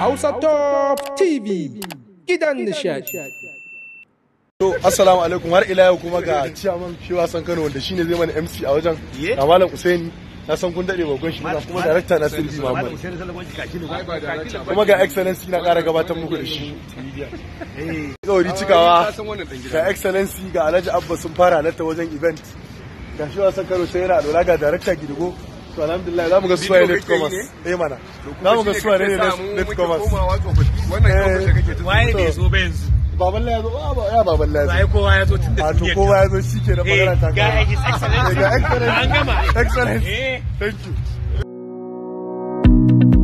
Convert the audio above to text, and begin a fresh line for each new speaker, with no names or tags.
Hausa Top TV gidan nishadi. To assalamu alaikum har ila yau kuma ga ciyaman shi wasan Kano wanda shine zai mana MC a wajen. Ga Malam Usaini na san kun dade bakon shi kuma director na Sirri
Muhammad. Kuma ga excellency na ƙara
gabatar muku da shi. Tsauri eh. cikawa ah, ga excellency ga Alhaji Abba sun fara halatta wajen event. Ga shi wasan Kano sai yana dora ga director Gidigo to alhamdulillah za ga suwaye
net commerce
eh mana za ga suwaye ne net commerce eh,
waye ne zo
ba yanzu baban la ya zo ah, ya baban la ya zo kowa ya zo tun da ah, to kowa ya shike da magana ta eh, ga eh, ga excellent an gama excellent
thank you